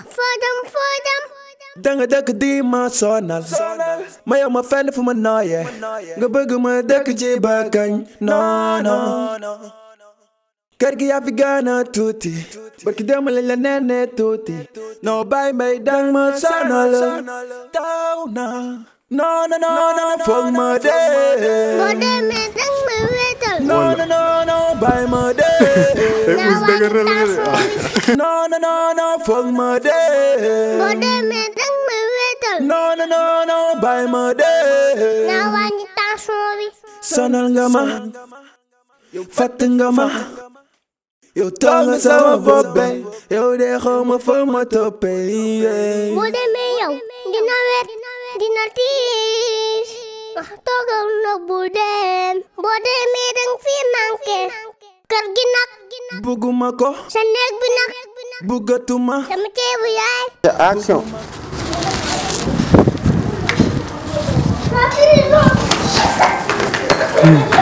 Fodam, fodam. Danga daka di ma sonal Ma yow ma fenn fu ma nooye Nga bëgg ma dëkk ci bakkañ Non, non Kër gi yaa fi gaana tuuti Barki dem la nene tuuti No bay mbay dang ma sonal Taw na No no no no, foog ma dee Boo demee dang bàyyi ma dee. non non non foog ma dee. boo demee dang ma wéetal. non non non bàyyi ma dee. naa wàññi tension bi. sonal nga ma. fatt nga ma. yow toog nga sama bopp be. yow de xaw ma foog ma toppee. boo demee yow dina wéet dina tiis. ah toogal nag bu dem. boo demee dang fi manqué. kër gi nag bugguma ko sa néeg bi nag buggatuma sama ceebu yaay ya, action Hmm.